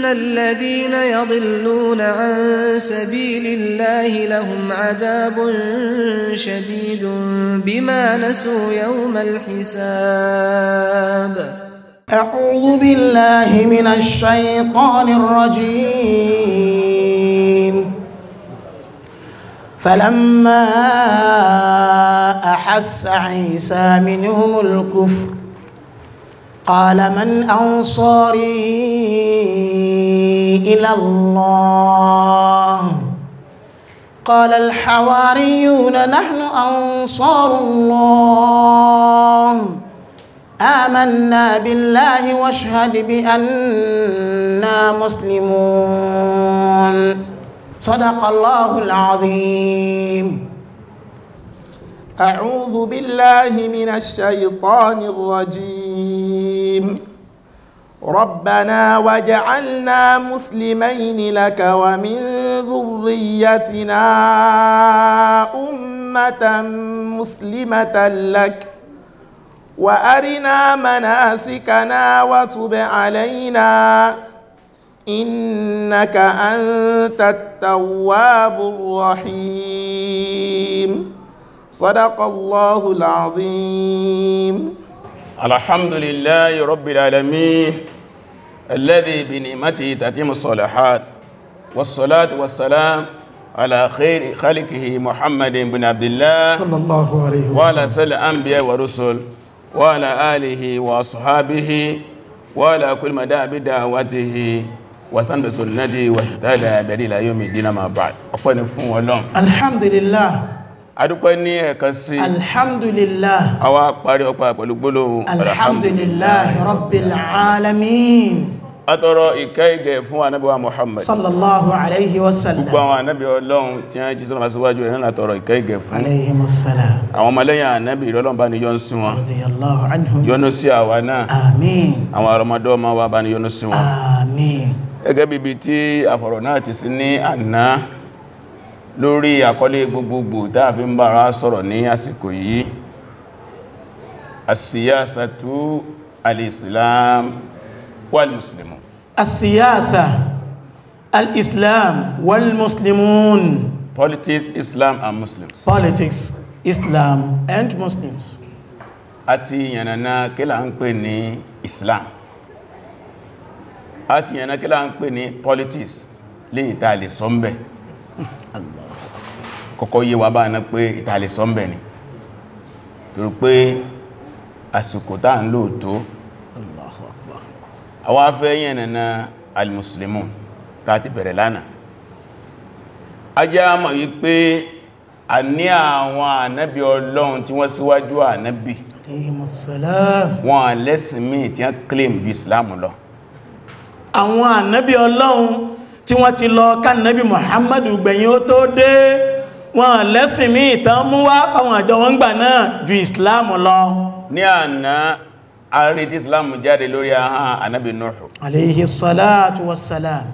إن الذين يضلون عن سبيل الله لهم عذاب شديد بما نسوا يوم الحساب أعوذ بالله من الشيطان الرجيم فلما أحس عيسى منهم الكفر قال من أنصاري إلى الله قال الحواريون نحن أنصار الله آمنا بالله واشهد بأننا مسلمون صدق الله العظيم أعوذ بالله من الشيطان الرجيم الرجيم ربنا وجعلنا مسلمين لك ومن ذريتنا أمة مسلمة لك وأرنا مناسكنا وتب علينا إنك أنت التواب الرحيم صدق الله العظيم الحمد لله رب العالمين الذي بنعمته تتم الصالحات والصلاة والسلام على خير خلقه محمد بن عبد الله صلى الله عليه وسلم وعلى سل الأنبياء والرسل وعلى آله وأصحابه وعلى كل مدى بدعوته وسند سنته واهتدى بدل يوم الدين ما بعد أقول فون والله الحمد لله adúpẹ́ ní ẹ̀kan sí alhamdulillah àwa parí ọpa pẹ̀lú gbólóhùn alhamdulillah rabbil alamin atọrọ ìkẹ́ ìgẹ̀ fún ànábì wa muhammad sallallahu alaihi wasallam gbogbo àwọn ànábì ọlọ́run tí a jí sọ́nà síwájú ẹ̀rìn àtọrọ ìkẹ́ ìgẹ̀ fún àwọn mọ́lẹ́yìn ànábì ìrọlọ́n bá ní yọ́n sí wọn yọ́nú sí àwa náà àwọn ọmọdọ́ ma wá bá ní yọ́nú sí wọn gẹ́gẹ́ bíbi tí àfọ̀rọ̀ náà ti sí ní àná lórí àkọlé gbogbogbò tá a fi ń bára sọ̀rọ̀ ní àsìkò yìí asíyásàtú alìsìlám wàlmùsìlìmù asíyásà alìsìlám wàlmùsìlìmùn politics islam and muslims politics islam and muslims àti yànnàná kí la ń pè ní islam àti yànnàná kí ń pè ní politics lè ìtàlẹ̀ sọ́mbẹ̀ kọ́kọ́ yé wa bá ná pé ìtàlẹ̀ sọ́mbẹ̀ ni torí pé àsìkò tá ń lò tó àwọn afẹ́ yẹn nana al-muslimun tàti bẹ̀rẹ̀ lánàá ajá mọ̀ wípé a ní àwọn ànábí ọlọ́run tí wọ́n síwájú ànábí wọn lẹ́sìn míì tí wọ́n tí wọ́n ti lọ kánàbí muhammadu gbẹ̀yìn ó tó dé wọn lẹ́sìn mí ìtàn mú wá fáwọn àjọ wọn gbà náà ju islam lọ ní àná àárín tí islam jáde lórí ahán anábì nuhu alayhi salatu wassalam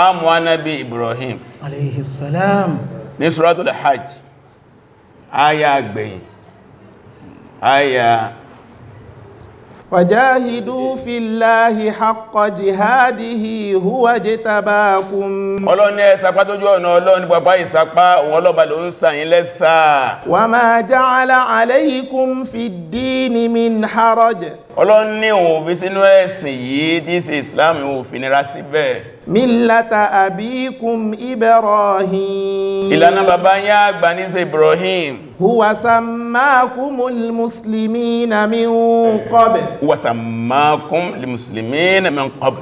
àmú anábì ibrahim alayhi salam ní suratul hajj aya gbẹ̀yìn aya wàjáhìdú fìláhì haqqo jihadihi huwa jitabakum ọlọ́ni ẹ̀sàpá tó jọ ọ̀nà ọlọ́ni pàpá ìsàpá òun ló ń sàyìn lẹ́sà wa ma ja'ala ọlọ́run ní òun fi sínú ẹ̀sìn yìí tí ṣe islam òun fi nira síbẹ̀ millata abikum ibrahim ìlànà bàbá yá àgbà ní ṣe ibrahim huwa sammakumul muslimina min qabl huwa sammakumul muslimina min qabl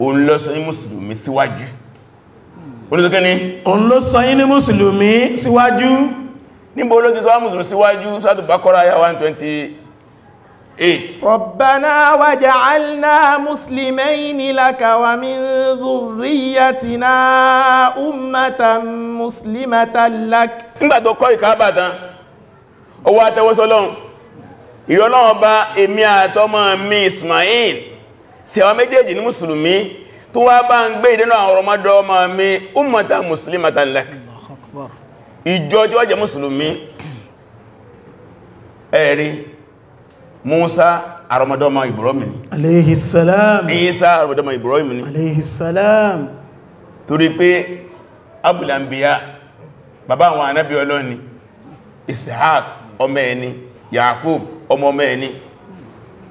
òun ló sọ yín mùsùlùmí síwájú olùsọ́kẹ́ ni òun ló sọ yín ní mùsùlùmí síwájú níbo ló ti sọ 120 8 ربنا وجعلنا مسلمين لك ومن ذريتنا أمة مسلمة لك nígbà tó kọ́ ìkàábà tán ó wá tẹ́wọ́ sọ́lọ́run ìrọ́lọ́wọ́ bá èmi àtọmọ mi Ismail ṣe àwọn méjèèjì ní mùsùlùmí tó wá bá ń gbé ìdínà àwọn ọmọdọ́ ọmọ mi ummatan muslimatan lak ìjọ tí wọ́n jẹ́ mùsùlùmí ẹ̀rí Musa àrọmọdọ́mọ Ibrahim ni aléhìsàlám Isa àrọmọdọ́mọ Ibrahim ni aléhìsàlám torí pé Abul Anbiya bàbá àwọn anábí ọlọ́ni Ishaq ọmọ ẹni Yakub ọmọ ọmọ ẹni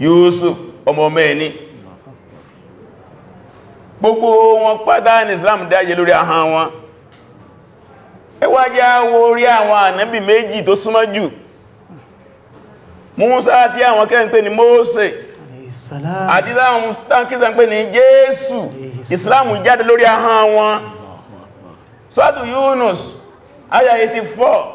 Yusuf ọmọ ọmọ ẹni gbogbo wọn pátá ní Islam dáyé lórí ahán wọn ẹwà jẹ́ wo orí àwọn ànábì méjì tó súnmọ́ jù Musa tí àwọn kẹ́ ń pè ní Mose àti láwọn stankisa ń pè ní Jésù Islam jáde lórí ahọ́n wọn sọ́tù Yunus aya 84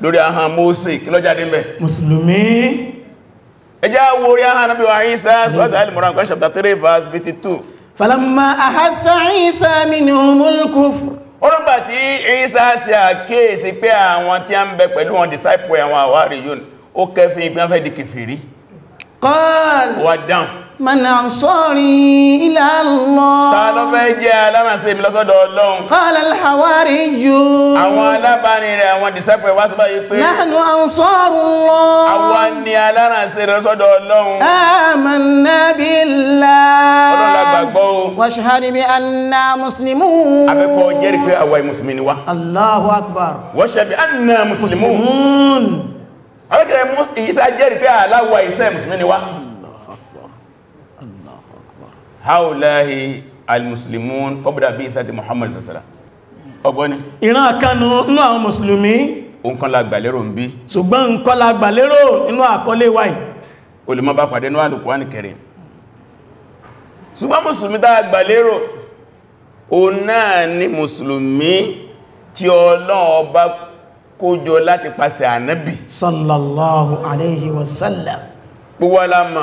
lórí ahán Mósè kí ló jáde ńbẹ̀ mùsùlùmí ẹjá wo orí ahán Ànábì wa Ìsá sọ́tà al-Imran chapter 3 verse 52 falamma ahassa Ìsá minhumul kufr orúgbà tí Ìsá sí àkíyèsí pé àwọn tí a ń bẹ pẹ̀lú wọn disciple àwọn àwárí yóò ó kẹfin ìgbẹ́fẹ́ di kèfèrí qal wà dáun man ansari ila Allah ta ló fẹ́ jẹ́ alamase mi lọ́sọ́dọ̀ Ọlọ́hun qala al hawariyun àwọn alabani rẹ̀ àwọn disciple wá sọ báyìí pé nahnu ansarullah àwọn ni alamase rẹ̀ lọ́sọ́dọ̀ Ọlọ́hun amanna billah Ọlọ́hun la gbàgbọ́ o washhad bi anna muslimun abe kó jẹ́rìí pé àwa muslimin wa Allahu akbar washhad haúláhì al-muslimun kọbùdá bí ìfẹ́ ti muhammad sassara ọgbọ́ni ìran kanú inú àwọn musulmi o n kọ́ lágbàlérò ń bí ṣùgbọ́n n kọ́ lágbàlérò inú àkọlé wáyì olùmọ́ bá pàdé ní Al-Qur'an Karim ṣùgbọ́n musulmi tá àgbàlérò o náà ni musulmi tí Ọlọ́run bá kójọ láti pàṣẹ ànábì sallallahu alaihi wasallam gbogbo alama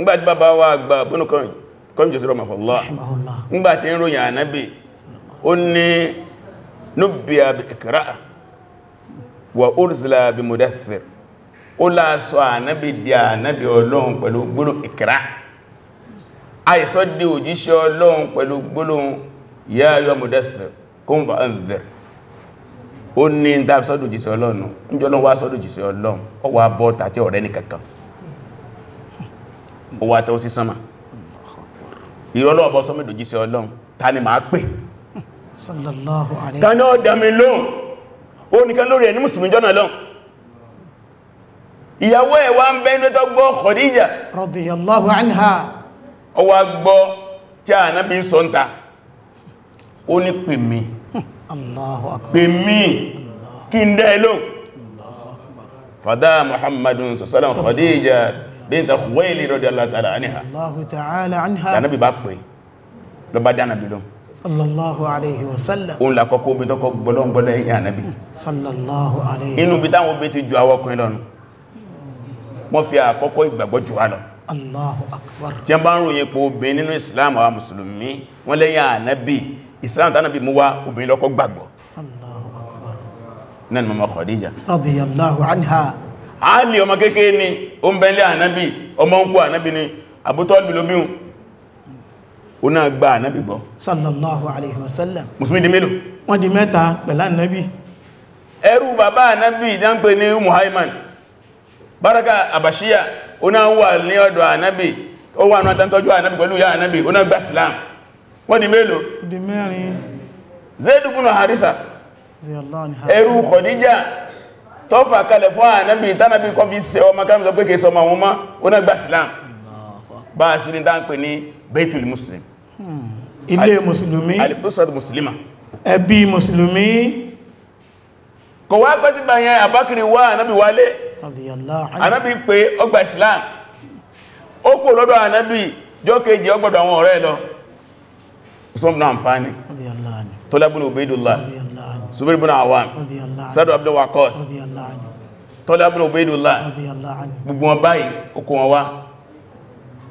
ngbàtí bàbá wa àgbà bónúkan kọ́mí jésù rọ̀mà fọ́lá ńgbàtí ń ròyìn ànábì ó ní nubbiya bi ikra'a wa ursila bi mudaththir ó láàsọ ànábì di ànábì ọlọ́run pẹ̀lú gbólóhùn ikra àìsọ́ di òjíṣẹ́ ọlọ́run pẹ̀lú gbólóhùn ya ayyuha mudaththir qum fa anzir ó ní dáàbsọ́dù jíṣẹ́ ọlọ́run níjọ́ lọ́wọ́ sọ́dù jíṣẹ́ ọ̀rẹ́ nìkankan ó ìrọ́lọ́ ọ̀bọ̀ sọ́mọ̀ ìdòjísẹ́ ọlọ́run ta ni máa pè sallallahu alaihi ta ni ó dámi lóhun ó nìkan lórí ẹni mùsùlùmí jọ́nà lọ́n ìyàwó ẹ̀ wá anha ó wá gbọ́ tí Ànábì ń sọ akbar pè mí kí ń dẹ́ lóhun fadá Muhammadun sallallahu Khadija bíntà Khuwaylid radiyallahu ta'ala anha Allahu ta'ala anha lánàbí bá pè lọ bá dáná bí lọ sallallahu alayhi wa sallam òun là kọ́kọ́ obìnrin tọ́kọ́ gbọ́lọ́gbọ́lọ́ ẹ̀yìn ànábì sallallahu alayhi inú bí táwọn obìnrin ti ju àwọn ọkùnrin lọ́nu wọ́n fi àkọ́kọ́ ìgbàgbọ́ jù wá lọ Allahu akbar tí a bá ń ròyìn pé obìnrin nínú Islam àwọn mùsùlùmí wọ́n lẹ́yìn ànábì Islam tánàbì mú wá obìnrin lọ́kọ́ gbàgbọ́ náà ni mama Khadija radiyallahu anha àálì ọmọ kékeré ni ó ń bẹ́lẹ̀ ànábì ọmọ ń kú ànábì ni àbútọ́lù lóbíun ó náà gba ànábì gbọ́ sallallahu alaihi wasallam mùsùlùmí di mélòó wọ́n di mẹ́ta pẹ̀lá ànábì ẹrù bàbá ànábì jánpé ní muhaiman baraka abashiya ó náà wà ní ọ̀dọ̀ ànábì ó wà náà tọ́jú ànábì pẹ̀lú ya ànábì ó náà gba islam wọ́n di mélòó di mẹ́rin zaid ibn haritha ẹrù khadija tó fà kalẹ̀ fún ànábì tánàbí kọ́ fi ṣe ọmọ kan sọ pé kèsọ ọmọ wọn mọ́ oná gbà Islam bá a sí ní dáńpẹ̀ ní Baitul Muslim hmm. ilé Mùsùlùmí alìbùsọ̀t Mùsùlùmá ẹbí Mùsùlùmí kò wá pẹ́ sígbà yẹn àbákiri wá ànábì wálé ànábì pé ọgbà Islam ó kò lọ́dọ̀ ànábì jọ́ kejì ọgbọ̀dọ̀ àwọn ọ̀rẹ́ lọ Zubair ibn Awam Sadu Abdul Waqqas Tọ́lá ibn Ubaydullah gbogbo wọn báyìí okùn wọn wá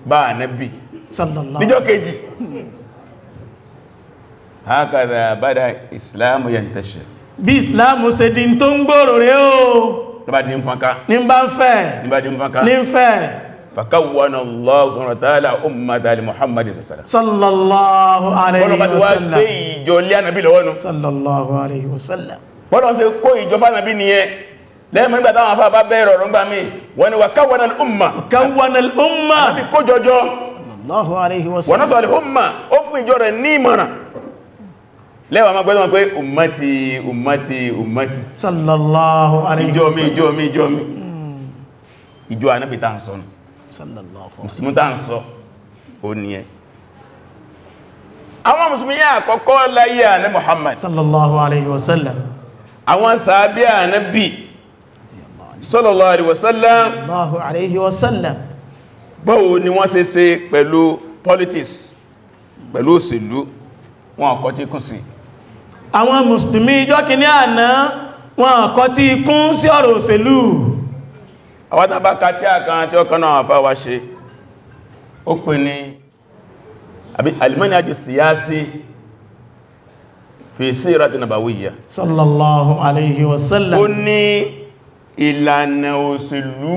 bá ànábì níjọ́ kejì hakadha bada islamu yantashir bí islamu ṣe di tó ń gbòrò rẹ̀ o ní di ń fọ́nká ní fàkàwọn Allah subhanahu wa ta'ala ummata li Muhammadin sallallahu alaihi wasallam bọ́nà bá ti wá gbé ìjọ lé ànàbí lọ́wọ́nu sallallahu alaihi wasallam bọ́nà sí kó ìjọ fánàbí ni ẹ lẹ́mọ̀ ìjọ rẹ̀ ń sọ́nù musulmi tá ń sọ ó ní ẹ àwọn musulmi yà àkọ́kọ́ láyé àní Muhammad sallallahu alaihi wasallam àwọn sàábí ànábì sallallahu alaihi wasallam sallallahu alaihi wasallam báwo ni wọ́n ṣe ṣe pẹ̀lú politics pẹ̀lú òṣèlú wọn ọ̀kọ́ tí kún sí àwọn musulmi ìjọ́ kìíní àná wọn ọ̀kọ́ tí kún sí ọ̀rọ̀ òṣèlú àwọn tán bá kàtí àkan tí ó kanáà àfá wa ṣe ó pè ní al-manhaj as-siyasi fi sirati nabawiyya sallallahu alayhi wasallam ó ní ìlànà òṣèlú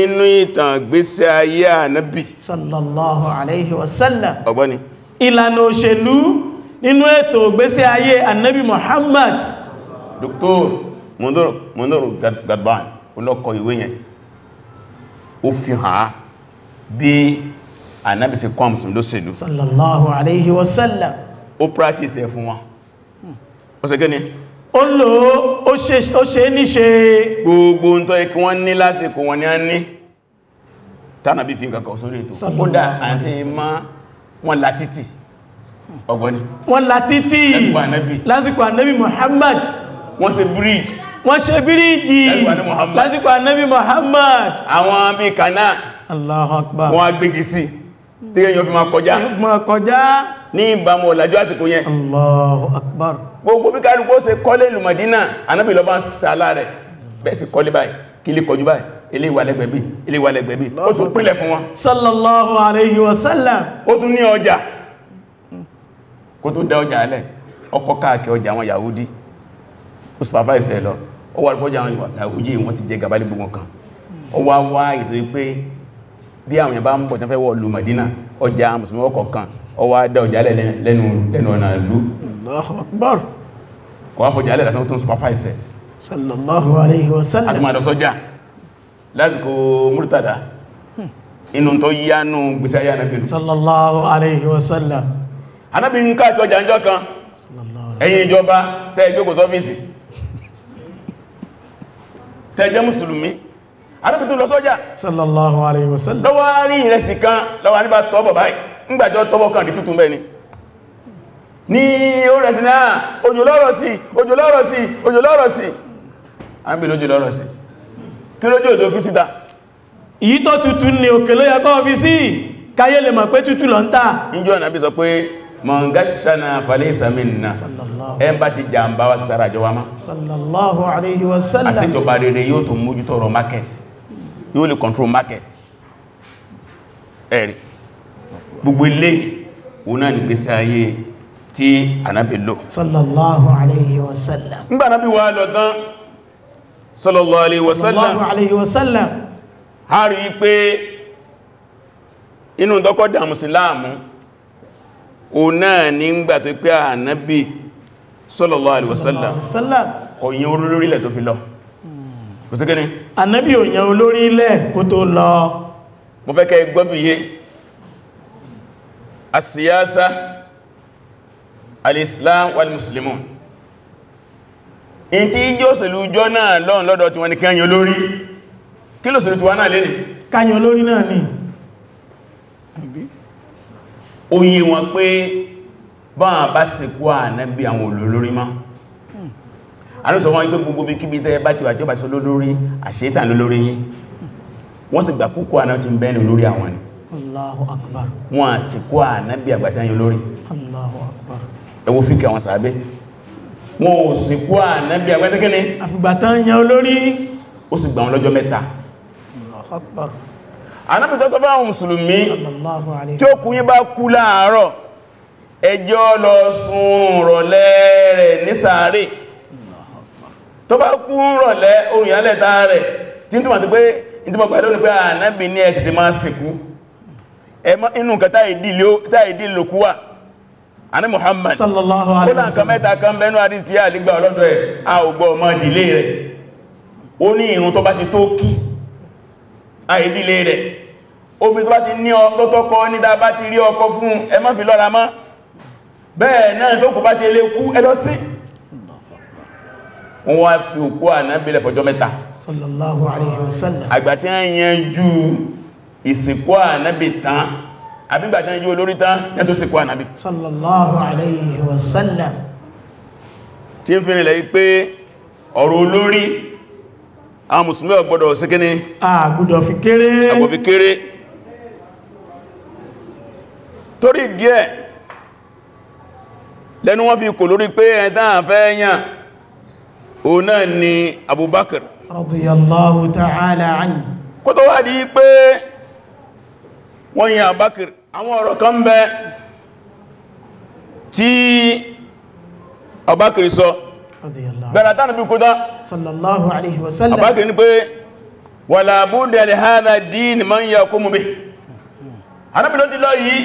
inú ìtàn gbésí ayé ànábì sallallahu alayhi wasallam ọgbọ́ni ìlànà òṣèlú nínú ètò gbésí ayé ànábì muhammad dr mundur mundur olọ́kọ ìwé yẹn ó fi hàn á bí ànábì ṣe kọ́ àmùsùn ló sèlú sallallahu alayhi wa sallam ó practice ẹ̀ fún wọn hmm. ó ṣe gẹ́ni ó lò ó ṣe níṣe gbogbo ń tọ́ ikú wọ́n ní lásìkò wọn ni a ní tánàbí fi nǹkan kan sórí ètò ó dá àti ma wọn látítì ọgbọ́ni wọ́n la títí lásìkò ànábì Muhammad wọ́n ṣe bridge wọ́n ṣe bíríjì lásìkò anábì Muhammad àwọn amíkàná Allahu Akbar wọ́n agbègì sí tí èyàn fi ma kọjá ní ìbámu ọ̀làjú àsìkò yẹn Akbar gbogbo bí kárùkú ó ṣe kọ́lé ìlú Madina anábì lọ bá ń sàálà rẹ̀ bẹ́ẹ̀ sì kọ́lé báyìí kí lè alayhi wa sallam ó tún ní ọjà kó tó dá ọjà alẹ́ ọkọ̀ káàkiri ọjà àwọn Yahudi ó supervise ẹ lọ ó wà lọ́pọ̀já àwọn ìwàtàwójí wọn ti jẹ gàbálì gbogbo kan ó wá wá ètò pé bí àwọn èèyàn bá ń bọ̀ tán fẹ́ wọ̀ lù Mádínà ọjà mùsùlùmí ọkọ̀ kan ó wá dá ọjà lẹ́nu ọ̀nà ìlú kò wá fọjà lẹ́lẹ́sán tó ń supervise sallallahu alaihi wasallam àti máa lọ sọ́jà lásìkò Murtada inú tó yánú gbèsè ayé Ànábì sallallahu alaihi wasallam Ànábì ń káàkiri ọjà ń jọ kan ẹ̀yin ìjọba tẹ́ ìjókòó sọ́fíìsì tẹ́jẹ́ mùsùlùmí arábìtú lọ sọ́jà sallallahu alaihi wasallam lọ́wọ́ rí ìrẹsì kan lọ́wọ́ nígbà tọ́bọ̀ báyìí ńgbàjọ́ tọ́bọ̀ kan rí tútù mẹ́ni ní ó rẹ̀sì náà ojòlọ́rọ̀ sí ojòlọ́rọ̀ sí ojòlọ́rọ̀ sí a ń bí lójòlọ́rọ̀ sí kí lójò òjò fi síta ìyí tó tútù ní òkè ló yẹ kọ́ fi sí káyé lè mọ̀ pé tútù lọ ń ta ìjọ́ ìnàbí sọ mọ̀ngásánà falẹ́sàmìnà ẹn bá ti jàmbá wa sára jọwa má sallallahu alaihi wasallam àsíjọba rere yóò tún mójú tọrọ market yóò lè control market ẹ̀rì gbogbo ilé òun náà nìgbésí ayé tí ànábì lò sallallahu alaihi wasallam ńgbà ànábì wà lọ tán sallallahu o náà ní ń gbà tó pé ànábì sallallahu alaihi wasallam kò yẹn olórí ilẹ̀ tó fi lọ kò sí kíní ànábì ò yẹn olórí ilẹ̀ kó tó lọ mo fẹ́ kẹ́ gbọ́bìyẹ asíyásá alìsìlám wal-muslimun in tí yíó sèlú jọ náà lọ́n lọ́dọ̀ tí wọ́n ni kẹ́yìn olórí kí lò sèlú tí náà lé kẹ́yìn olórí náà ní ó yé wọn pé báwọn bá sìnkú ànábì àwọn olólórí mọ́ alóòsọ wọn gbé gbogbo bí kíbi tẹ́ bá ti wà tí ó bá sí olólórí àṣẹ́tàn lólórí yìí wọ́n sì gbà púpọ̀ àná ti ń bẹ́ẹ̀ni olórí àwọn ni Allahu Akbar wọ́n àsìkò ànábì àgbàtẹ́yìn olórí Allahu Akbar ẹwọ́ fíkẹ́ àwọn sàábé wọ́n ò sìnkú ànábì àgbàtẹ́kẹ́ni àfìgbàtẹ́yìn olórí ó sì gbà wọn lọ́jọ́ mẹ́ta Allahu Akbar anábì tó sọ fáwọn mùsùlùmí tí ó kú yí bá kú láàárọ̀ ẹjọ́ lọ sùn rọ̀lẹ́ rẹ̀ ní sàárè tó bá kú rọ̀lẹ́ orin alẹ́ta rẹ̀ tí túnmà sí pé n pẹ̀lú ní pé anábì ní ẹ tètè máa sìnkú inú nǹkan táìdí lòkú Muhammad sallallahu alaihi wasallam kó láǹkan mẹ́ta kan bẹnu àdíjì àlígbà ọlọ́dọ̀ a ò gbọ́ ọmọ ìdílé rẹ̀ ó àìdílé ah, rẹ̀ obi tó bá ti ní ọ tó nida ní ti rí ọkọ fún ẹ fi lọ́ra mọ́ bẹ́ẹ̀ ti kú ẹlọ sí fi òkú ànábílẹ̀ fọjọ́ mẹ́ta àgbà tí a yanjú ìsìnkú ànábì tán àbígbà tí a olórí tán ní tó sìnkú ànábì sallallahu alaihi wasallam àwọn musulmi ọgbọ́dọ̀ sí kíní àgbọ́dọ̀ fi kéré àgbọ́dọ̀ fi kéré torí díẹ̀ lẹ́nu wọ́n fi kò lórí pé ẹ̀dán àfẹ́ o náà ni abubakar radiyallahu ta'ala anhu kó tó wá di pé wọ́n yàn abubakar àwọn ọ̀rọ̀ kan bẹ tí abubakar sọ so, gbẹ̀rẹ̀ tánà bí kúta sallallahu alaihi wasallam àbákì ní pé wà làbúdẹ̀ lè hádà dín man yà kú mú bí anábìlò ti lọ yìí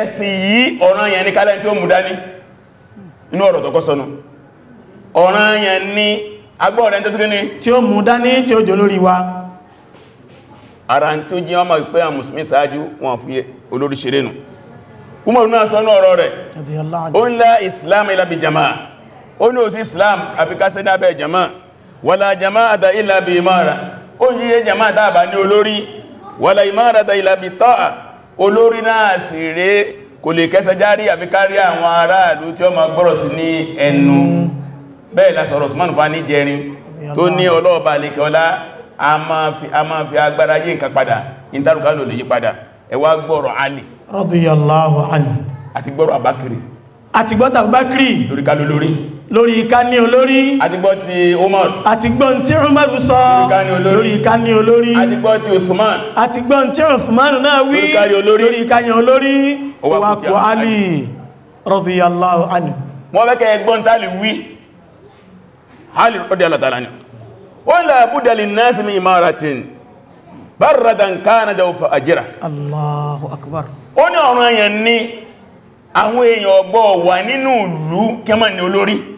ẹ̀sìn yìí ọ̀ràn yẹn ní kálẹ̀ tí ó mú dání inú ọ̀rọ̀ tọ́kọ́ sọnù ọ̀ràn yẹn ní agbọ́ ọ̀rẹ́ tó túnkẹ́ ní tí ó mú dání tí ó jò lórí ń tó ó ń lá islam ila jama'a ó ní òsí islam àbíkásẹ́ dábẹ̀ jama wàlá jama àdá ilá bí imara ó yíye jama dábà ní olórí wàlá imara àdá ilá bí tọ́à olórí náà sì rẹ̀ kò lè kẹsẹ̀ járí àbíkárí àwọn aráàlú tí ó ma gbọ́rọ̀ sí ní ẹnu bẹ́ẹ̀ la sọ̀rọ̀ Usman fún ní jẹrin tó ní ọlọ́ọ̀bà lèkẹ́ ọlá a máa fi agbára yí nǹkan padà ìntàrùkà lò lè yí padà ẹ gbọ́rọ̀ Ali radiyallahu àti gbọ́rọ̀ Abakiri àti gbọ́rọ̀ Abakiri lórí ká lórí ìkání olórí àtìgbọ́ ti Umar àtìgbọ́ tí Umar sọ lórí ìkání olórí àtìgbọ́ ti Uthman àtìgbọ́ tí Uthman náà wí lórí ìkání olórí owakò Ali radiyallahu anhu wọ́n bẹ́kẹ́ ẹgbọ́n tààlì wí Ali radiyallahu ta'ala anhu wọ́n la budda linnasi min imaratin ajira Allahu akbar ó ní ọ̀rọ̀ èèyàn ní àwọn èèyàn ọgbọ́ wà nínú ìlú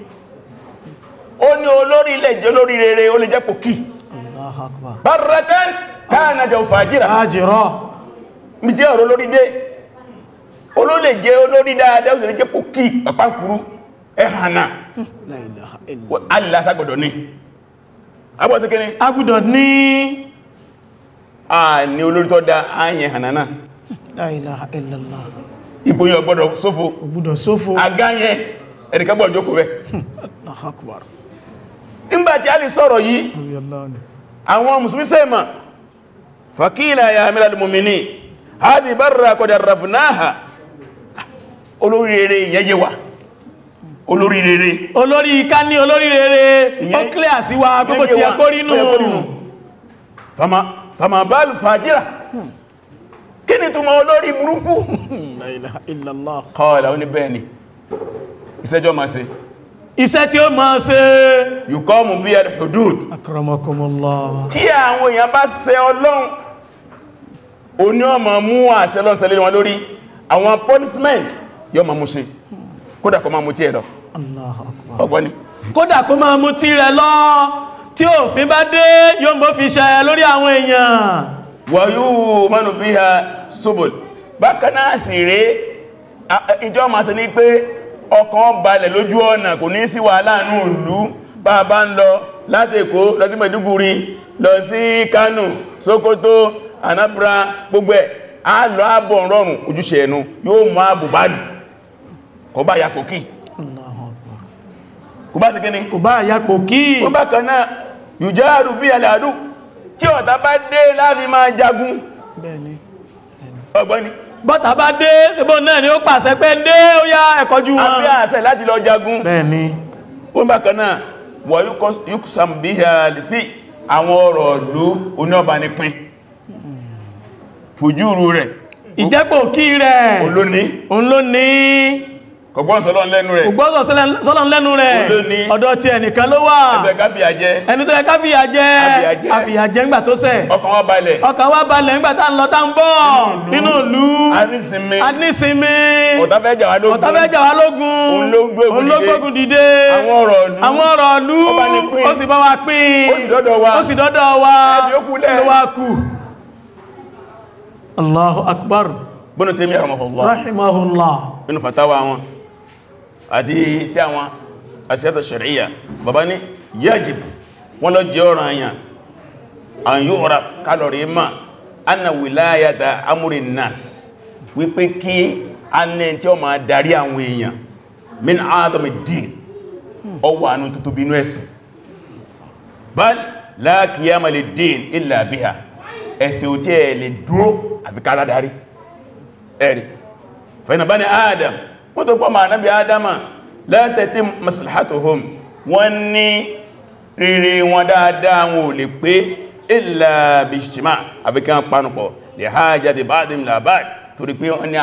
ó ní olórí ilẹ̀ jẹ́ olórí rere ó lè jẹ́ pòkì baratan káànàjà òfàájìrà mi jẹ́ ọ̀rọ̀ olórí dé olólè jẹ́ olórí dáadáa ó lè jẹ́ pòkì pàpákúrú ẹ̀hànà alìlàsàgbọ̀dọ̀ ni agbọ́sẹ́kẹ́ ni agbọ́dọ̀ ní a ní olórí tó dá ayẹ̀ hànàná la ilaha illallah ìbòyàn gbọ́dọ̀ sófo agáyẹ ẹ̀rìkẹ́gbọ̀ jókòó rẹ̀ nígbàtí a lè sọ̀rọ̀ yìí àwọn musulmi sẹ́mà fàkílà ya amílàlì mọ̀mìnì hadi barra kọ̀dà rafunáha olórí rere ìyẹ́yẹ wa olórí rere olórí iká ní olórí rere ọkílẹ̀ àsíwá gbogbo ti ẹkọ́ rínú fàmà báàlù kí ni túnmọ̀ olórí burúkú la ilaha illallah iṣẹ́ tí ó máa ṣe yùkọ́mù bí ẹ̀rẹ̀ hudud akramakumullah tí àwọn èèyàn bá ṣe ọlọ́run o ní ọmọ mú àṣẹ lọ́n sẹlẹ̀ wọn lórí àwọn punishment yóò máa mú ṣe kódà kó máa mú tí ẹ lọ ọgbọ́ni kódà kó máa mú tí rẹ lọ tí òfin bá dé yóò mọ́ fi ṣe lórí àwọn èèyàn wa yu'manu biha subul bákanáà sì rèé ìjọ máa ṣe ní pé ọkàn balẹ̀ lójú ọ̀nà kò ní sí wà láàánú ìlú bá bá ń lọ láti Èkó lọ sí Mẹ̀dúgùrí lọ sí Kánò Sókótó Anambra gbogbo ẹ̀ a lọ ààbọ̀ rọrùn ojúṣe ẹnu yóò mọ́ àbùbádù kò bá yàpò kí kò bá sí kí ni kò bá yàpò kí kò bá kan náà yùjáàrù bí alàdù tí ọ̀tá bá dé láàrin máa jagun ọgbọ́ni bọ́ta bá dé ṣebó náà ni ó pàṣẹ pé ń dé ó yá ẹ̀kọ́jú wọn àbí àṣẹ láti lọ jagun bẹ́ẹ̀ni wọ́n bákan náà wọ̀ yíkùsàm bí i àlìfí àwọn ọ̀rọ̀ ìlú oníọba nípin fòjúrú rẹ̀ ìjẹ́pò kí rẹ̀ olóní kọ̀gbọ́n sọ́lọ́n lẹ́nu rẹ̀ kọ̀gbọ́n sọ́lọ́n lẹ́nu rẹ̀ ọ̀dọ̀ ti ẹnìkan ló wà ẹni tó yẹ ká fìyà jẹ àfìyà jẹ ńgbà tó ṣẹ̀ ọkàn wa balẹ̀ ọkàn wa balẹ̀ ńgbà tá ń lọ tá ń bọ̀ nínú ìlú adísinmi ọ̀tafẹ́jà wa lógun olóngbógun dìde àwọn ọ̀rọ̀ ìlú ó sì bá wa pín ó sì dọ́dọ̀ wa ló wá kù Allahu akbar Ibn Taymiyyah rahimahullah rahimahullah inú fatawa wọn àti tí àwọn asíyàtọ̀ ṣàríyà bàbá ní yajib wọ́n lọ jẹ́ ọ̀rọ̀ àyàn an yóò ra kálọ̀rì ma anna wilayata amúrì nas wípé kí a ní tí ó máa darí àwọn èèyàn min adam din ọwọ́ àánú tó tóbi inú ẹ̀sìn bal la qiyama din illa biha ẹ̀sìn ò tí ẹ̀ lè dúró àbíkálá darí ẹ̀rì fẹ́nà kó tó pọ̀ ma nábi adama látẹ̀tí maslahatuhum wọ́n ní rere wọn dáadáa wọn ò lè pé illa bishtima àbíkán panupọ̀ lè hajati ba'dim la ba'd torí pé wọ́n ní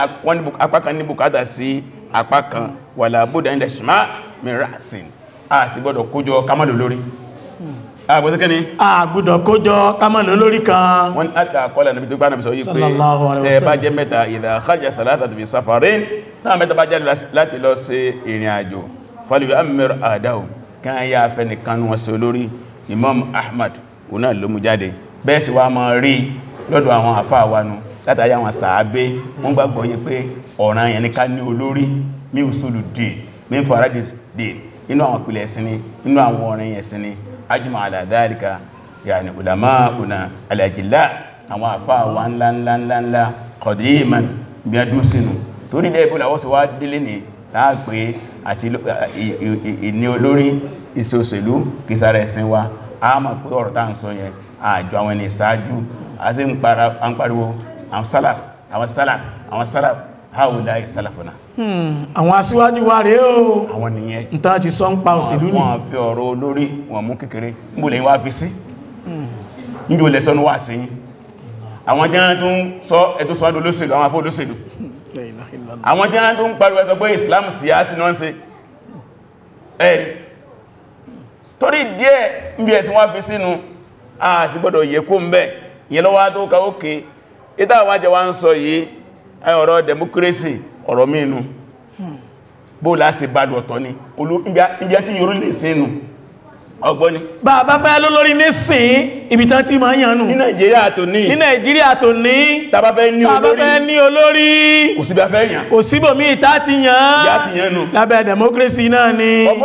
apákan ní bùkátà sí apákan wala budda inda shima min ra'sin a sì gbọ́dọ̀ kójọ kamalo lórí àbọ̀síkẹ́ni àgbùdọ̀ kójọ kamalo lórí kan wọ́n ní àtàkọ́lẹ̀ nàbí tó gbá nàbí sọ yí pé tẹ́ bá jẹ́ mẹ́ta idha kharja thalatha fi safarin táwọn mẹ́ta bá jáde láti lọ sí ìrìn àjò fọ́lùbí amir adáhù kan yá fẹ́ nìkan wọn sí olórí imam ahmad òun náà ló mú jáde bẹ́ẹ̀ sì wá mọ́ rí lọ́dọ̀ àwọn àfáà wanu látàrí àwọn sàábé wọ́n gbàgbọ́ yí pé ọ̀ràn yẹn ní ká ní olórí ni inú àwọn ọ̀ràn ni ajma ala dhalika yàní una alajila àwọn àfáà wa ńlá ńlá ńlá qadiman bí a torí lẹ́ẹ̀bù làwọ́ sí wá délé ní láàpé àti ìní olórí ìsòsèlú kìsàrẹ̀ ẹ̀sìn wa a mọ̀ pé ọ̀rọ̀ tá ń sọ yẹn àjọ àwọn ẹni ìsáájú a sì ń pariwo àwọn sálà àwọn sálà àwọn sálà haula ìsálàfúnà hmm, àwọn aṣíwájú wa rèé o àwọn nìyẹn ìta ti sọ ń pa òṣèlú ní wọ́n fi ọ̀rọ̀ olórí wọn mú kékeré níbòlẹ̀ wá fi sí hmm. níbòlẹ̀ jẹ́ tó ń sọ ẹ̀tọ́ sọ́dọ̀ àwọn afọ́ olóṣèlú àwọn tí a tó ń pariwo ẹ̀sọ pé islam síyásí náà ṣe ẹ̀rí torí díẹ̀ níbi ẹ̀sìn wọ́n fi sínú àti gbọ́dọ̀ ń bẹ̀ yẹ lọ́wọ́ tó ká ókè ìtàwàjẹ wá ń sọ ọgbọ́ni bàbá fẹ́ lólórí nísìn ibi tán tí ma ń yànú ní Nàìjíríà tó ní ní Nàìjíríà tó ní tàbá fẹ́ ní olórí tàbá fẹ́ ní olórí kò síbà fẹ́ yàn kò síbò mí ìta ti yàn yà ti yàn nù lábẹ́ democracy náà ni ọmọ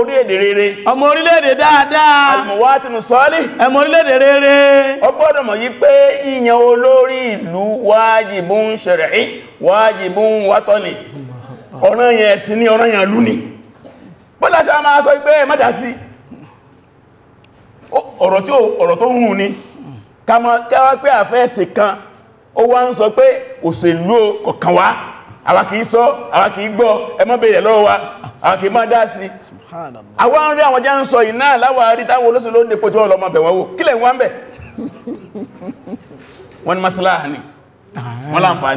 orílẹ̀-èdè rere ọmọ orílẹ̀-èdè dáadáa almuwatinu sọ́lì ọmọ orílẹ̀-èdè rere ó gbọ́dọ̀ mọ̀ yí pé yíyan olórí ìlú wájibun shar'i wájibun bọ́lá sí a máa sọ pé mọ́dá sí ọ̀rọ̀ tí ọ̀rọ̀ tó hùn ní káwà pé àfẹ́ẹ̀sì kan ó wá ń sọ pé òṣèlú kọ̀kan wá àwa kìí sọ àwa kìí gbọ́ ẹ má bèèrè lọ́wọ́ wa àwa kìí má dá sí àwa ń rí àwọn jẹ́ ń sọ ìná láwárí táwọn olóṣèlú ló dépò tí wọ́n lọ́mọ bẹ̀wọ́ wò kílẹ̀ wọ́n bẹ̀ wọ́n ni masláà ni wọ́n